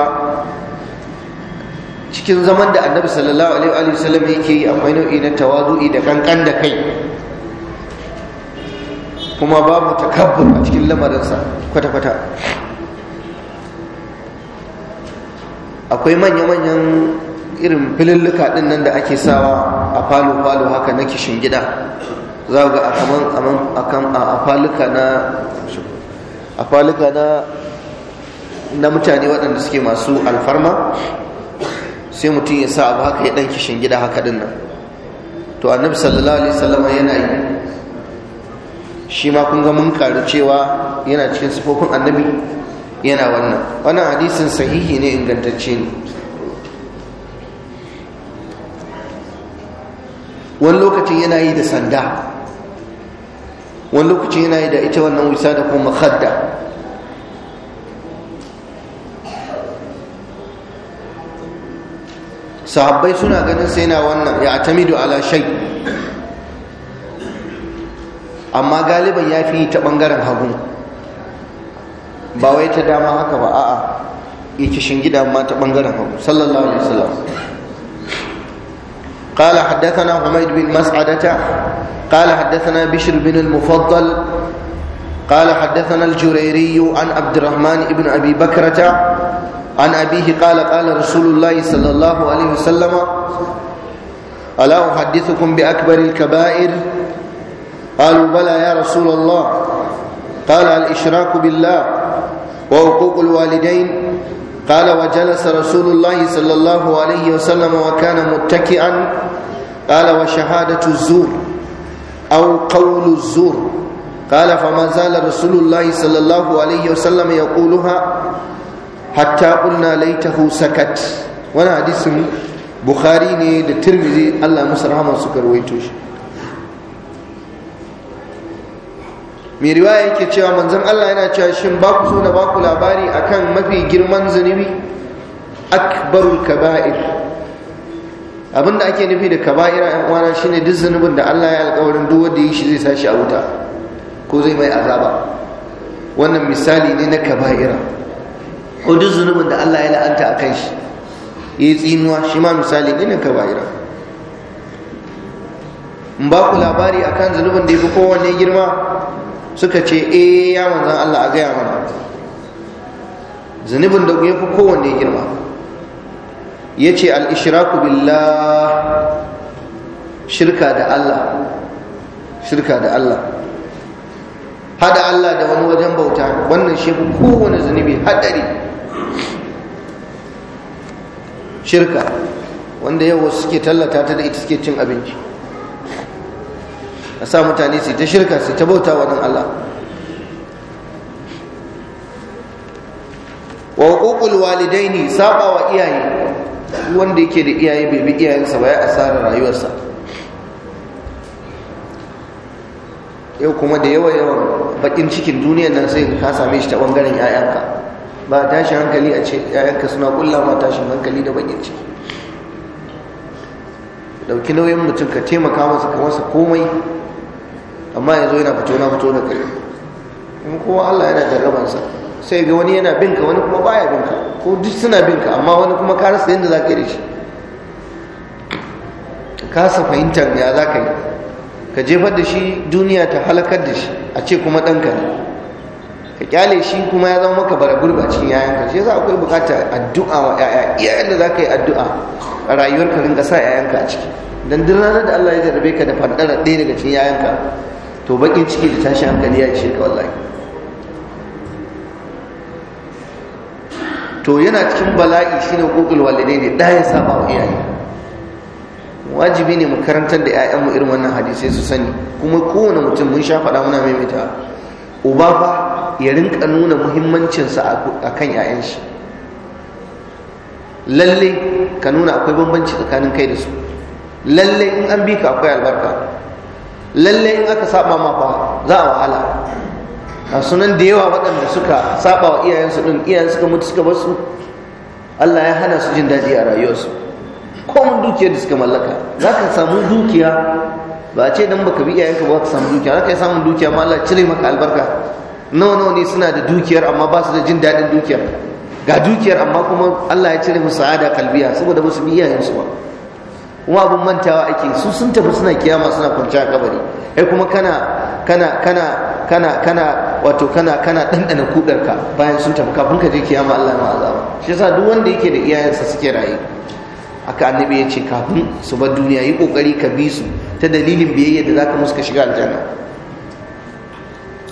cikin zaman da annabi sallallahu alaihi wasallam yake yi akwai nau'i na tawadu'i da kankan da kai kuma babu takabbur a cikin lamarinsa kwata-kwata akwai manya-manyan irin fililluka din nan da ake sawa a falo-falo haka na kishin gida za ga a faluka na na mutane waɗanda suke masu alfarma sai mutum ya sa abu haka ya ɗan kishin gida haka ɗin nan to annabi sallallahu alaihi wasallama yana yi shi ma kun ga mun karu cewa yana cikin sifofin annabi yana wannan wannan hadisin sahihi ne ingantacce ne wani lokacin yana yi da sanda wani lokacin yana yi da ita wannan wisa da kuma khadda sahabbai suna ganin sai na wannan ya atamidu ala shai amma galiban ya fi ta bangaren hagu ba wai ta dama haka ba a'a yake shingida amma ta bangaren hagu sallallahu alaihi wasallam قال حدثنا حميد بن مسعدة قال حدثنا بشر بن المفضل قال حدثنا الجريري عن عبد الرحمن بن أبي بكرة عن أبيه قال قال رسول الله صلى الله عليه وسلم ألا أحدثكم بأكبر الكبائر قالوا بلى يا رسول الله قال الإشراك بالله وعقوق الوالدين قال وجلس رسول الله صلى الله عليه وسلم وكان متكئا قال وشهادة الزور أو قول الزور قال فما زال رسول الله صلى الله عليه وسلم يقولها hatta qulna laitahu sakat wani hadisin bukhari ne da tirmizi Allah musu rahama suka rawaito shi mai riwaya yake cewa manzon Allah yana cewa shin ba ku so na ba ku labari akan mafi girman zunubi akbarul kaba'ir da ake nufi da kaba'ira yan uwana shine duk zunubin da Allah ya alƙawarin duk wanda ya shi zai sashi a wuta ko zai mai azaba wannan misali ne na kaba'ira ko duk zunubin da Allah ya la'anta a kan shi ya yi tsinuwa shi ma misali ne na kaba'ira in ba ku labari a kan zunubin da ya fi kowanne girma suka ce e ya manzan Allah a gaya mana zunubin da ya fi kowanne girma ya ce al'ishiraku billah shirka da Allah shirka da Allah hada Allah da wani wajen bauta wannan shi kowane zunubi hadari shirka wanda yau wasu suke tallata ta da ita suke cin abinci a sa mutane su ta shirka su ta bauta wa Allah wa walidai ne saba wa iyaye wanda yake da iyaye bai bi iyayensa ba ya asara rayuwarsa yau kuma da yawa yawan bakin cikin duniyar nan sai ka same shi ta bangaren 'ya'yanka ba a tashi hankali a ce yayanka suna kulla ma tashin hankali da bakin ciki dauki nauyin mutum ka taimaka masa ka masa komai amma ya zo yana fito na fito da kai in kowa Allah yana jarrabansa sai ga wani yana binka wani kuma baya binka ko duk suna binka amma wani kuma ka rasa yadda za ka yi da shi kasa fahimtar ya za ka yi ka jefar da shi duniya ta halakar da shi a ce kuma ɗanka ne ka kyale shi kuma ya zama maka bara gurba cikin yayanka shi yasa akwai bukatar addu'a wa yaya iyayen da zaka yi addu'a a ka rinka sa yayanka a ciki dan duk ranar da Allah ya jarrabe ka da fadara ɗaya daga cikin yayanka to bakin ciki da tashi hankali ya ishe ka wallahi to yana cikin bala'i shine kokul walidai ne da ya saba wa iyaye wajibi ne mu karantar da 'ya'yanmu irin wannan hadisai su sani kuma kowane mutum mun sha faɗa muna maimaita uba ba ya rinka nuna muhimmancinsa a kan 'ya'yan shi lalle ka nuna akwai bambanci tsakanin kai da su lalle in an bi ka akwai albarka lalle in aka saba ma fa za a wahala a sunan da yawa waɗanda suka saba wa iyayensu ɗin iyayen suka mutu suka bar Allah ya hana su jin daji a rayuwarsu ko mun dukiyar da suka mallaka za ka samu dukiya ba ce dan baka bi iyayenka ba ka samu dukiya zaka yi samun dukiya ma Allah cire maka albarka nawa nawa ne suna da dukiyar amma ba su da jin daɗin dukiyar ga dukiyar amma kuma Allah ya cire musu sa'ada kalbiya saboda ba su bi iyayensu ba kuma abin mantawa ake su sun tafi suna kiyama suna kwanciya a kabari ai kuma kana kana kana kana kana wato kana kana dandana kudarka bayan sun tafi kafin ka je kiyama Allah ma ma'azaba shi yasa duk wanda yake da iyayensa suke raye aka annabi ya ce kafin su bar duniya yi kokari ka bi su ta dalilin biyayya da zaka musu ka shiga aljanna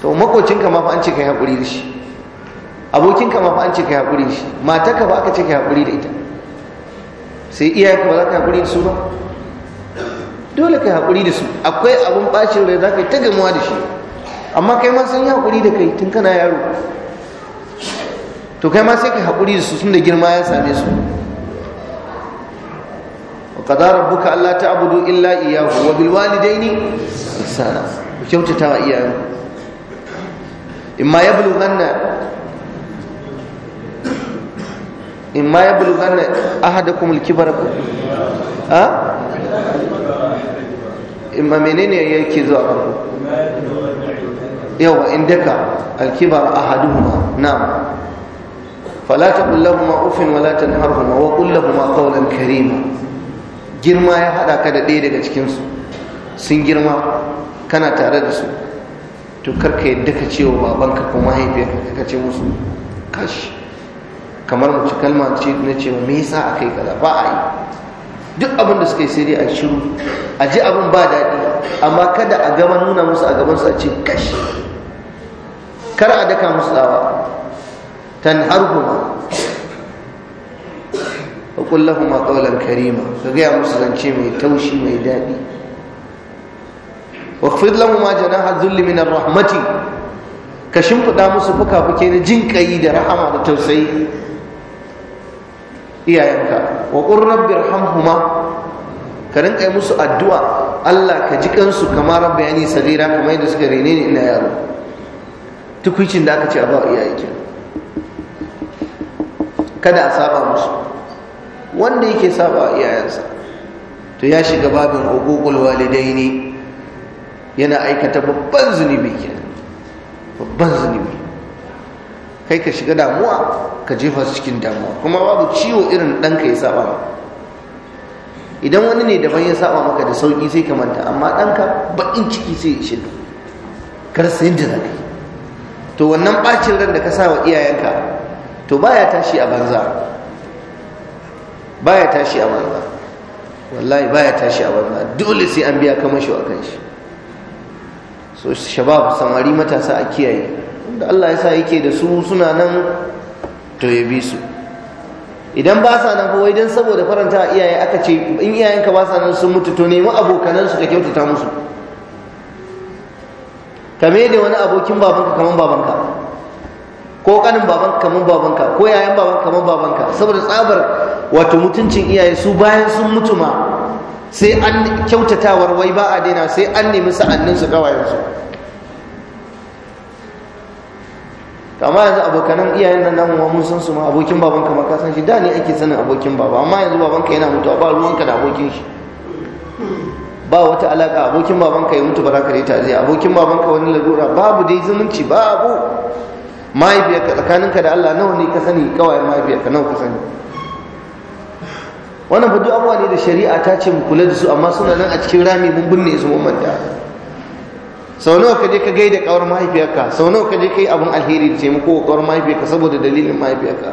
to makocin ka ma fa an ce kai hakuri da shi abokin ka ma fa an ce kai hakuri da shi mata ka ba aka ce kai hakuri da ita sai iyaye ka ba za ka hakuri da su ba dole kai hakuri da su akwai abun bacin rai za ka yi ta gamuwa da shi amma kai ma sun yi hakuri da kai tun kana yaro to kai ma sai ka hakuri da su tun da girma ya same su qada rabbuka alla ta'budu illa iyyahu wa bil walidaini ihsana ku kyautata wa iyayen imma yablughanna imma yablughanna ahadakum al kibara ha imma menene yake zuwa farko yawa indaka al kibara ahaduhuma na'am فلا تقل لهما اف ولا wa وقل لهما قولا كريما girma ya haɗa ka da ɗaya daga cikinsu sun girma kana tare da su to karka yadda ka ce wa babanka ko mahaifiyarka ka ce musu kashi kamar mace kalma ce na cewa me yasa aka yi kaza ba a yi duk abin da suka yi sai dai a shiru a ji abin ba daɗi amma kada a gama nuna musu a gaban su a ce kashi kar a daka musu tsawa tan harhuma wa kullahuma qawlan karima ka gaya musu zance mai taushi mai daɗi wa khfid lahum janaha dhulli min rahmati ka shimfiɗa musu fuka-fuke na jin ƙayi da rahama da tausayi iyayenka wa qur rabbi ka rinka musu addu'a Allah ka ji kansu kamar bayani sadira kamar da suka rene ni ina yaro tukuicin da aka ce a ba iyaye kada a saba musu wanda yake saba iyayensa to ya shiga babin hukukul ne, yana aikata babban zunubi kenan babban zunubi kai ka shiga damuwa ka jefa su cikin damuwa kuma babu ciwo irin ɗanka ya saba idan wani ne daban ya saba maka da sauƙi sai ka manta amma ɗanka baƙin ciki sai ya shiga kar sayin da zaka to wannan ɓacin ran da ka sa wa iyayenka to baya tashi a banza baya tashi a banza wallahi baya tashi a banza dole sai an biya kamar shi kan shi so shabab samari matasa a kiyaye da Allah ya sa yake da su suna nan to ya bi su idan ba sa nan wai don saboda faranta iyaye aka ce in iyayenka ba sa nan sun mutu to nemi su ka kyautata musu kame da wani abokin babanka kamar babanka ko kanin babanka baban babanka ko yayan babanka baban babanka saboda tsabar wato mutuncin iyaye su bayan sun mutu ma sai an kyautatawar wai ba a daina sai an nemi sa'annin su su amma yanzu abokanan iyayen nan namu ma mun san su ma abokin babanka ma ka san shi da ne ake sanin abokin baba amma yanzu babanka yana mutuwa ba ka da abokin shi ba wata alaka abokin babanka ya mutu ba za ka je zai abokin babanka wani lalura babu dai zumunci babu mahaifiyarka tsakaninka da Allah nawa ne ka sani kawai mahaifiyarka nawa ka sani wannan fa abuwa ne da shari'a ta ce mu kula da su amma suna nan a cikin rami mun binne su mun manta sau nawa ka je ka gaida kawar mahaifiyarka sau nawa ka je ka yi abin alheri da taimako wa kawar mahaifiyarka saboda dalilin mahaifiyarka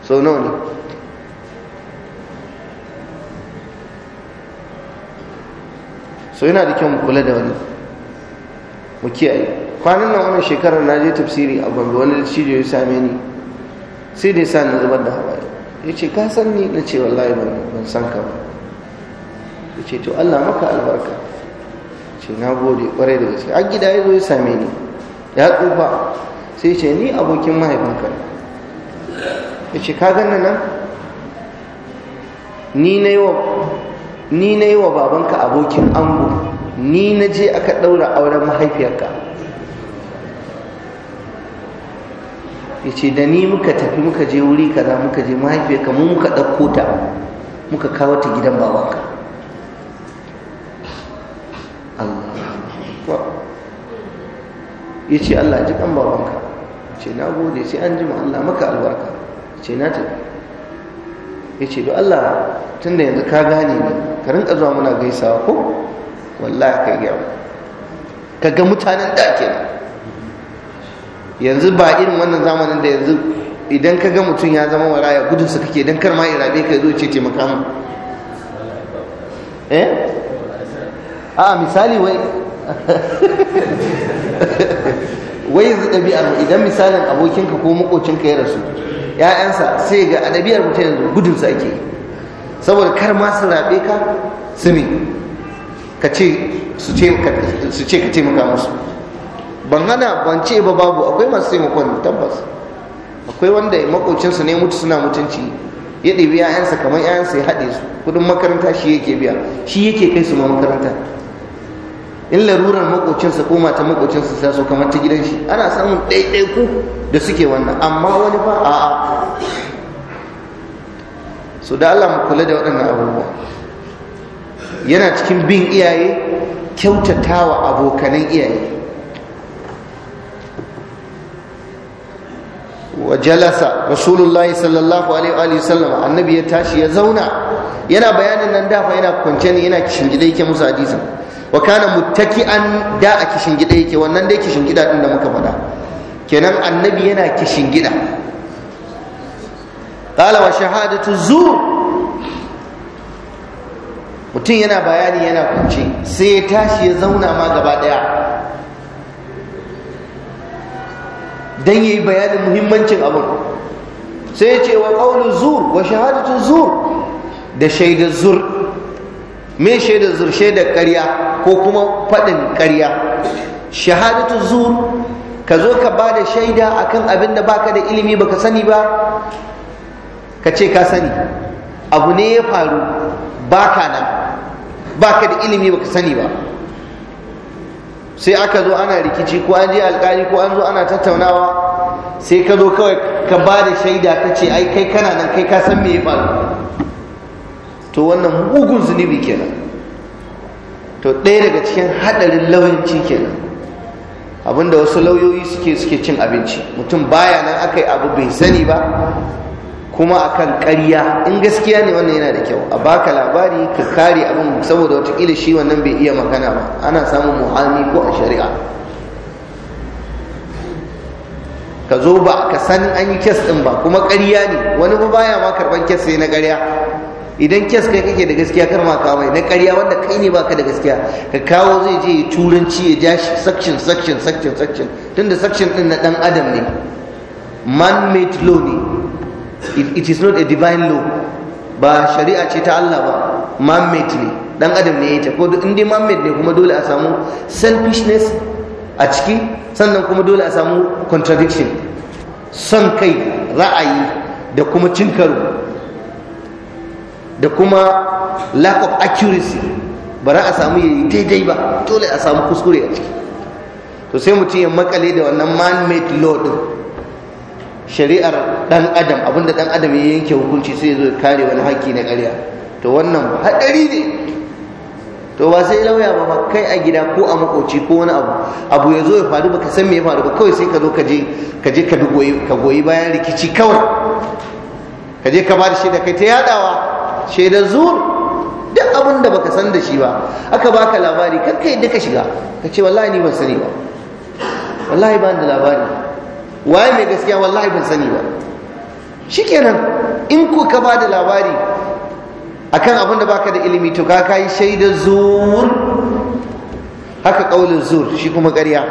sau nawa ne so yana da kyau mu kula da wani mu kiyaye kwanan nan wannan shekarar na je tafsiri a gombe wani cijo ya same ni sai da sa ni zubar da hawaye ya ce ka san ni na ce wallahi ban san ka ba ya ce to allah maka albarka ce na gode kwarai da gaske an gida ya zo ya same ni ya tsufa sai ce ni abokin mahaifinka ya ce ka ganna nan ni na yi wa babanka abokin ango ni na je aka ɗaura auren mahaifiyarka ya ce da ni muka tafi muka je wuri kaza muka je mahaifiyarka mu muka ɗauko ta muka kawo ta gidan babanka ya ce Allah ji kan babanka ce na gode sai an ji Allah maka albarka ce na tafi ya ce Allah tun da yanzu ka gane ne ka rinka zuwa muna gaisawa ko wallahi kai Ka kaga mutanen da kenan yanzu ba irin wannan zamanin da yanzu idan ka ga mutum ya zama ya gudun su kake don kar ma irabe ka zo ce taimaka mu eh a misali wai wai yanzu ɗabi'ar idan misalin abokinka ko makocinka ya rasu ‘ya'yansa sai ga a ɗabi'ar mutum yanzu gudun su ake saboda kar ma su rabe ka su ne ka ce su ce ka taimaka musu ban hana ban ce ba babu akwai masu taimakon tabbas akwai wanda makocinsa ne mutu suna mutunci ya ɗabi 'ya'yansa kamar 'ya'yansa ya haɗe su kudin makaranta shi yake biya shi yake kai su ma makaranta in larurar makocinsa ko mata makocinsa sa so kamar ta gidan shi ana samun ɗaiɗaiku da suke wannan amma wani ba a'a so da Allah mu kula da waɗannan abubuwa yana cikin bin iyaye kyautatawa abokanan iyaye wa jalasa rasulullahi sallallahu alaihi wasallam annabi ya tashi ya zauna yana bayanin nan dafa yana kwance ne yana kishin gida yake musu hadisin wa kana muttaki'an da a kishin gida yake wannan dai kishin gida din da muka faɗa kenan annabi yana kishin gida qala wa shahadatu zur mutum yana bayani yana kunce sai ya tashi ya zauna ma gaba daya dan yi bayanin muhimmancin abin sai ya ce wa ƙaunin zur wa shahadatun zur da shaidar zur me shaidar zur shaidar ƙarya ko kuma faɗin karya. shahadatu zur ka zo ka ba da shaida akan abin da baka da ilimi baka sani ba ka ce ka sani abu ne ya faru baka nan baka da ilimi baka sani ba sai aka zo ana rikici ko an je alkali ko an zo ana tattaunawa sai ka zo kawai ka ba da shaida ka ce ai kai kana nan kai ka san me ya faru to wannan mugun zunubi kenan to ɗaya daga cikin haɗarin lauyanci kenan abinda wasu lauyoyi suke suke cin abinci mutum baya nan aka abu bai sani ba kuma akan ƙarya in gaskiya ne wannan yana da kyau a baka labari ka kare abin saboda watakila shi wannan bai iya magana ba ana samun muhalli ko a shari'a ka zo ba ka san an yi kes ɗin ba kuma ƙarya ne wani ba baya ma karɓar kes sai na ƙarya idan kes kai kake da gaskiya kar ma kawai na ƙarya wanda kai ne baka da gaskiya ka kawo zai je ya turanci ya ja shi section section section section tunda section ɗin na ɗan adam ne man made law ne it, it is not a divine law ba shari'a ce ta Allah ba man ne dan adam ne ya ta ko in dai man ne kuma dole a samu selfishness a ciki sannan kuma dole a samu contradiction son kai ra'ayi da kuma cin karo da kuma lack of accuracy ba za a samu yayi daidai ba dole a samu kuskure a ciki to sai mutum ya makale da wannan man-made law din shari'ar dan adam abinda dan adam ya yanke hukunci sai ya zo kare wani haƙƙi na ƙarya to wannan haɗari ne to ba sai lauya ba ma kai a gida ko a makoci ko wani abu abu ya zo ya faru ba ka san me ya faru ba kawai sai ka zo ka je ka je ka goyi bayan rikici kawai ka je ka ba da kai ta yadawa shaidar zuwa duk abin da baka san da shi ba aka baka labari kakka yadda ka shiga ka ce wallahi ni ban sani ba wallahi ba da labari waye mai gaskiya wallahi ban sani ba shi kenan in ku ka ba da labari akan abin da baka da ilimi to ka kai shaida zur haka kaulin zur shi kuma ƙarya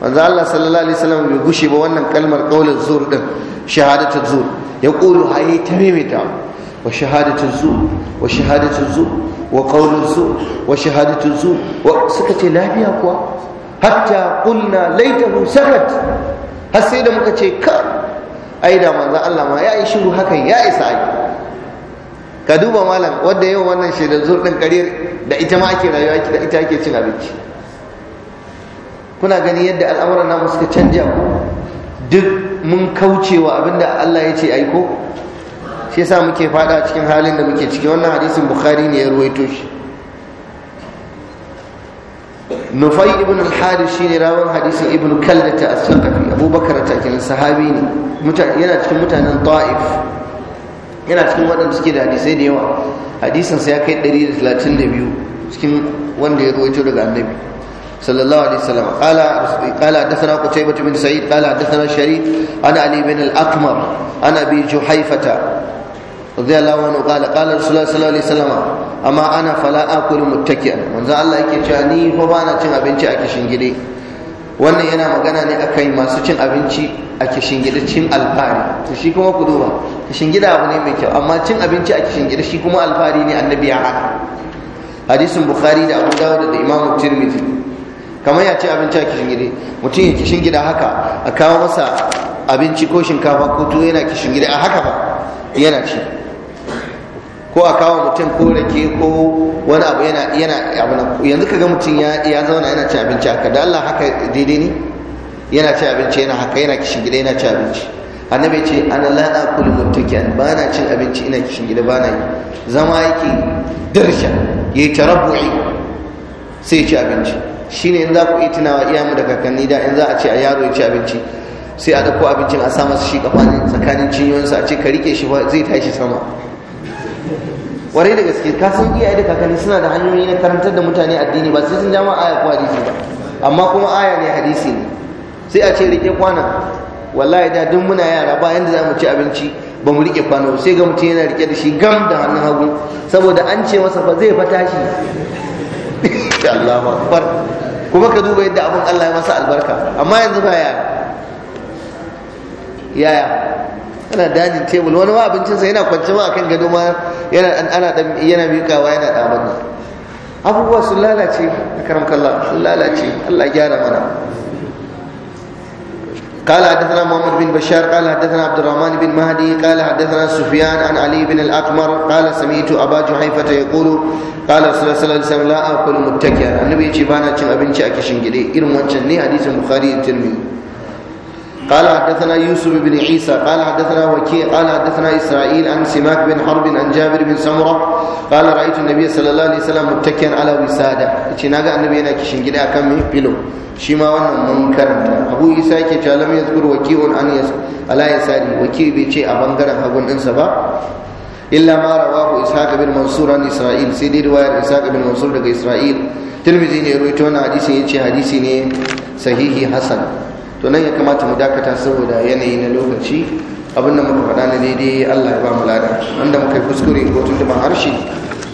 manzo Allah sallallahu alaihi wasallam bai gushe ba wannan kalmar kaulin zur din shahadatu zur ya qulu ta maimaita wa shahadatu zur wa shahadatu zur wa qaulun zur wa shahadatu zur wa suka ce lafiya kuwa hatta kunna laitahu sakat har sai da muka ce ka ai da manzo Allah ma ya yi shiru hakan ya isa ai ka duba malam wanda yau wannan shaidar zur din kariyar da ita ma ake rayuwa da ita ake cin abinci kuna gani yadda al'amuran namu suka canja ku duk mun kaucewa abinda Allah ya ce ai ko shi yasa muke fada cikin halin da muke ciki wannan hadisin bukhari ne ya ruwaito shi nufai ibn al hari shi ne rawan hadisin ibn kaldata as-saqafi abubakar ta kenan sahabi ne yana cikin mutanen ta'if yana cikin waɗanda suke da hadisai da yawa hadisin sa ya kai 132 cikin wanda ya rawaito daga annabi sallallahu alaihi wasallam qala qala hadathana qutaybah bin sa'id qala hadathana Shari ana ali bin al-aqmar ana bi juhayfata رضي الله عنه قال قال رسول الله صلى الله عليه وسلم اما انا فلا اكل متكئا manzo Allah yake cewa ni fa bana cin abinci a kishin gide wannan yana magana ne akai masu cin abinci a kishin gida cin alfari to shi kuma ku duba kishin gida abu ne mai kyau amma cin abinci a kishin gida shi kuma alfari ne annabi ya hana hadisin bukhari da abu dawud da imamu tirmidhi kamar ya ci abinci a kishin gida, mutum ya kishin gida haka a kawo masa abinci ko shinkafa ko tuwo yana kishin gida a haka ba yana ci ko a kawo mutum ko rake ko wani abu yana yana abu yanzu kaga mutum ya ya zauna yana ci abinci haka da Allah haka daidai ne yana ci abinci yana haka yana kishin gida yana ci abinci annabi ce ana la akulu mutkiyan ba na cin abinci ina kishin gida ba na yi zama yake dirsha yayi tarabbu'i sai ya ci abinci shine in za ku yi tunawa mu da kakanni da in za a ce a yaro ya ci abinci sai a ɗauko abincin a sa masa shi tsakanin cinyoyinsa a ce ka rike shi zai tashi sama warai da gaske kasan, san iyaye da kakanni suna da hanyoyi na karantar da mutane addini ba sai sun ja aya ko hadisi ba amma kuma aya ne hadisi ne sai a ce rike kwana, wallahi da duk muna yara ba yanda za mu ci abinci ba mu rike kwano sai ga mutum yana rike da shi gam da hannun hagu saboda an ce masa fa zai fa tashi Allahu akbar kuma ka duba yadda abin Allah ya masa albarka amma yanzu ba yaya yaya ana dajin tebul wani ma abincinsa yana kwance ma akan gado ma yana ana dan yana miƙawa yana ɗaban abubuwa sun lalace a karam kalla sun lalace Allah gyara mana قال حدثنا محمد بن بشار قال حدثنا عبد الرحمن بن مهدي قال حدثنا سفيان عن علي بن الاقمر قال سمعت ابا جحيفه يقول قال رسول الله صلى الله عليه وسلم لا اكل متكئا النبي يجي بانا cin abinci a kishin gida. irin wancan ne hadisin bukhari da tirmidhi قال حدثنا يوسف بن عيسى قال حدثنا وكيع قال حدثنا اسرائيل عن سماك بن حرب عن جابر بن سمره قال رايت النبي صلى الله عليه وسلم متكئا على وساده yace naga النبي yana كشين غدا كان مي filo shi ma wannan munkar abu isa yake cewa yazkur waki'un an yas ala yasari wakiy bai ce a bangaren hagun din sa ba illa ma rawahu ishaq bin mansur an isra'il sai dai riwayar ishaq bin mansur daga isra'il tirmidhi ne ruwaito rawaito wannan hadisi yace hadisi ne sahihi hasan to nan ya kamata mu dakata saboda yanayi na lokaci abin da muka faɗa na daidai Allah ya ba mu lada wanda muka yi kuskure ko tuntuban harshe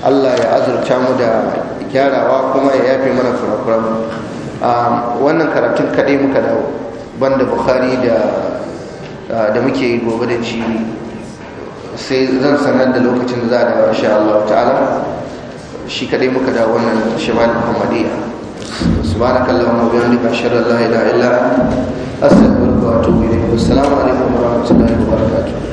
Allah ya azurta mu da gyarawa kuma ya yafe mana kurakuran wannan karatun kaɗai muka dawo banda bukhari da da muke gobe da ci sai zan sanar da lokacin da za a dawo insha Allah ta'ala shi kaɗai muka dawo wannan shimal muhammadiyya سبحانك اللهم وبحمدك اشهد ان لا اله الا انت استغفرك واتوب اليك والسلام عليكم ورحمه الله وبركاته